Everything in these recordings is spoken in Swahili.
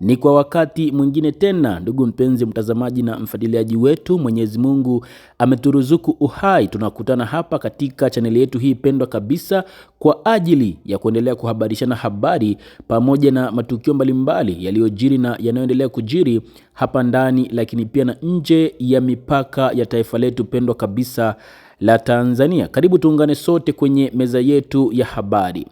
ni kwa wakati mwingine tena, ndugu mpenzi mtazamaji na mfuatiliaji wetu. Mwenyezi Mungu ameturuzuku uhai, tunakutana hapa katika chaneli yetu hii pendwa kabisa kwa ajili ya kuendelea kuhabarishana habari pamoja na matukio mbalimbali yaliyojiri na yanayoendelea kujiri hapa ndani, lakini pia na nje ya mipaka ya taifa letu pendwa kabisa la Tanzania. Karibu tuungane sote kwenye meza yetu ya habari.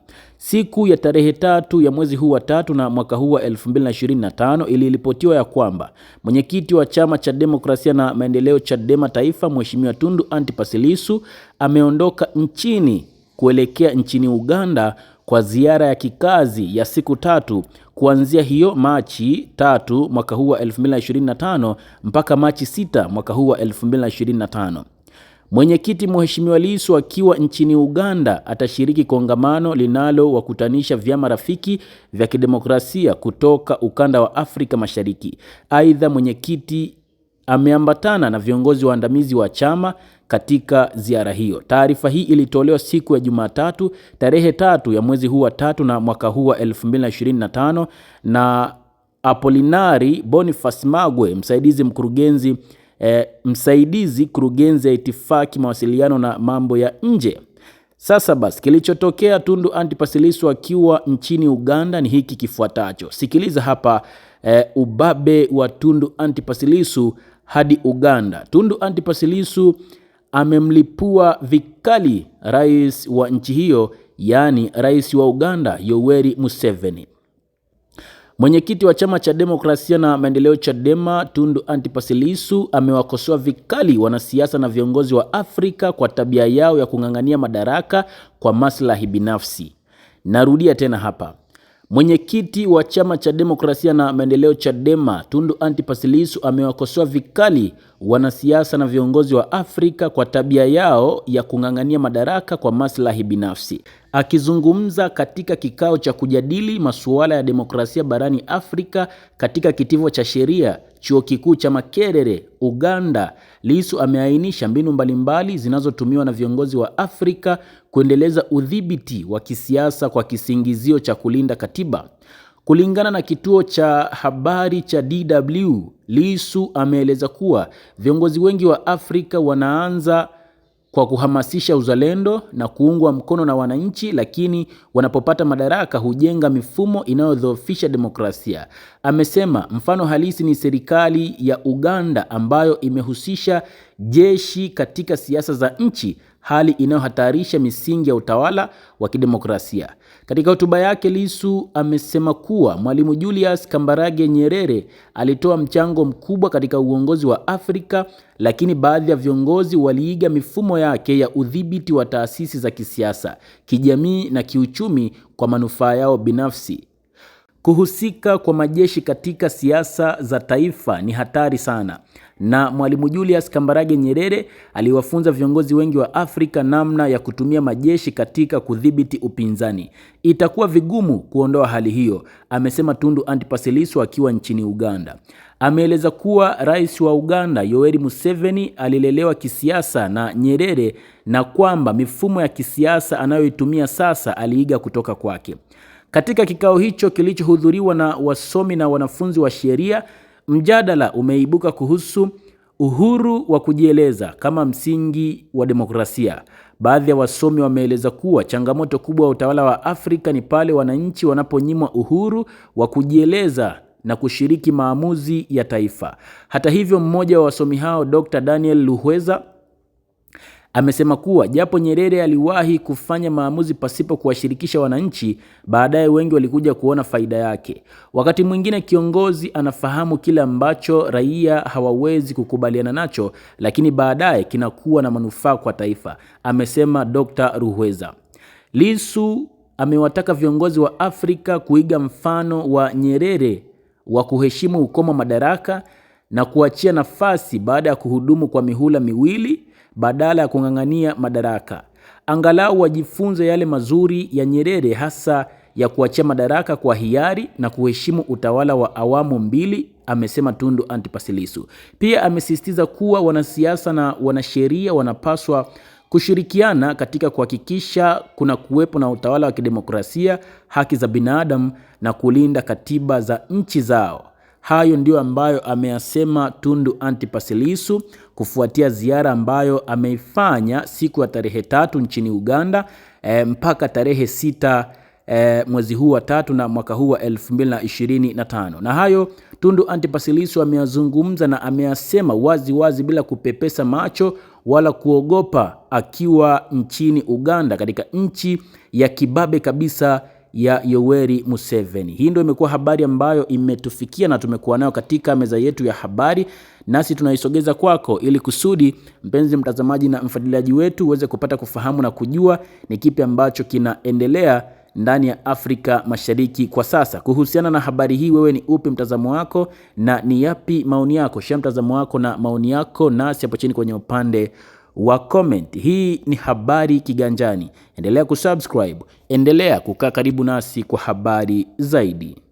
Siku ya tarehe tatu ya mwezi huu wa tatu na mwaka huu wa 2025 iliripotiwa ya kwamba mwenyekiti wa chama cha demokrasia na maendeleo Chadema Taifa, Mheshimiwa Tundu Antipas Lissu ameondoka nchini kuelekea nchini Uganda kwa ziara ya kikazi ya siku tatu kuanzia hiyo Machi tatu mwaka huu wa 2025 mpaka Machi 6 mwaka huu wa 2025. Mwenyekiti Mheshimiwa Lissu akiwa nchini Uganda atashiriki kongamano linalowakutanisha vyama rafiki vya kidemokrasia kutoka ukanda wa Afrika Mashariki. Aidha, mwenyekiti ameambatana na viongozi waandamizi wa chama katika ziara hiyo. Taarifa hii ilitolewa siku ya Jumatatu tarehe tatu ya mwezi huu wa tatu na mwaka huu wa 2025 na Apolinari Boniface Magwe, msaidizi mkurugenzi e, msaidizi kurugenzi ya itifaki, mawasiliano na mambo ya nje. Sasa basi, kilichotokea Tundu Antipas Lissu akiwa nchini Uganda ni hiki kifuatacho. Sikiliza hapa e, ubabe wa Tundu Antipas Lissu hadi Uganda. Tundu Antipas Lissu amemlipua vikali rais wa nchi hiyo, yaani rais wa Uganda Yoweri Museveni. Mwenyekiti wa chama cha demokrasia na maendeleo Chadema Tundu Antipas Lissu amewakosoa vikali wanasiasa na viongozi wa Afrika kwa tabia yao ya kung'ang'ania madaraka kwa maslahi binafsi. Narudia tena hapa. Mwenyekiti wa chama cha demokrasia na maendeleo Chadema Tundu Antipas Lissu amewakosoa vikali wanasiasa na viongozi wa Afrika kwa tabia yao ya kung'ang'ania madaraka kwa maslahi binafsi. Akizungumza katika kikao cha kujadili masuala ya demokrasia barani Afrika katika kitivo cha sheria chuo kikuu cha Makerere, Uganda, Lisu ameainisha mbinu mbalimbali zinazotumiwa na viongozi wa Afrika kuendeleza udhibiti wa kisiasa kwa kisingizio cha kulinda katiba. Kulingana na kituo cha habari cha DW, Lisu ameeleza kuwa viongozi wengi wa Afrika wanaanza kwa kuhamasisha uzalendo na kuungwa mkono na wananchi, lakini wanapopata madaraka hujenga mifumo inayodhoofisha demokrasia. Amesema mfano halisi ni serikali ya Uganda ambayo imehusisha jeshi katika siasa za nchi, hali inayohatarisha misingi ya utawala wa kidemokrasia. Katika hotuba yake, Lissu amesema kuwa Mwalimu Julius Kambarage Nyerere alitoa mchango mkubwa katika uongozi wa Afrika, lakini baadhi ya viongozi waliiga mifumo yake ya udhibiti wa taasisi za kisiasa, kijamii na kiuchumi kwa manufaa yao binafsi. Kuhusika kwa majeshi katika siasa za taifa ni hatari sana, na Mwalimu Julius Kambarage Nyerere aliwafunza viongozi wengi wa Afrika namna ya kutumia majeshi katika kudhibiti upinzani. Itakuwa vigumu kuondoa hali hiyo, amesema Tundu Antipas Lissu akiwa nchini Uganda. Ameeleza kuwa rais wa Uganda Yoweri Museveni alilelewa kisiasa na Nyerere na kwamba mifumo ya kisiasa anayoitumia sasa aliiga kutoka kwake. Katika kikao hicho kilichohudhuriwa na wasomi na wanafunzi wa sheria, mjadala umeibuka kuhusu uhuru wa kujieleza kama msingi wa demokrasia. Baadhi ya wasomi wameeleza kuwa changamoto kubwa ya utawala wa Afrika ni pale wananchi wanaponyimwa uhuru wa kujieleza na kushiriki maamuzi ya taifa. Hata hivyo, mmoja wa wasomi hao Dr. Daniel Luhweza Amesema kuwa japo Nyerere aliwahi kufanya maamuzi pasipo kuwashirikisha wananchi, baadaye wengi walikuja kuona faida yake. Wakati mwingine kiongozi anafahamu kile ambacho raia hawawezi kukubaliana nacho, lakini baadaye kinakuwa na manufaa kwa taifa, amesema Dr. Ruhweza. Lisu amewataka viongozi wa Afrika kuiga mfano wa Nyerere wa kuheshimu ukomo madaraka na kuachia nafasi baada ya kuhudumu kwa mihula miwili badala ya kung'ang'ania madaraka. Angalau wajifunze yale mazuri ya Nyerere, hasa ya kuachia madaraka kwa hiari na kuheshimu utawala wa awamu mbili, amesema Tundu Antipas Lissu. Pia amesisitiza kuwa wanasiasa na wanasheria wanapaswa kushirikiana katika kuhakikisha kuna kuwepo na utawala wa kidemokrasia, haki za binadamu na kulinda katiba za nchi zao. Hayo ndiyo ambayo ameyasema Tundu Antipas Lissu kufuatia ziara ambayo ameifanya siku ya tarehe tatu nchini Uganda e, mpaka tarehe sita e, mwezi huu wa tatu na mwaka huu wa 2025. Na hayo Tundu Antipas Lissu ameyazungumza na ameyasema wazi wazi bila kupepesa macho wala kuogopa, akiwa nchini Uganda, katika nchi ya kibabe kabisa ya Yoweri Museveni. Hii ndio imekuwa habari ambayo imetufikia na tumekuwa nayo katika meza yetu ya habari, nasi tunaisogeza kwako ili kusudi mpenzi mtazamaji na mfuatiliaji wetu uweze kupata kufahamu na kujua ni kipi ambacho kinaendelea ndani ya Afrika Mashariki kwa sasa. Kuhusiana na habari hii, wewe ni upi mtazamo wako na ni yapi maoni yako? Shia mtazamo wako na maoni yako nasi hapo chini kwenye upande wa comment. Hii ni Habari Kiganjani, endelea kusubscribe, endelea kukaa karibu nasi kwa habari zaidi.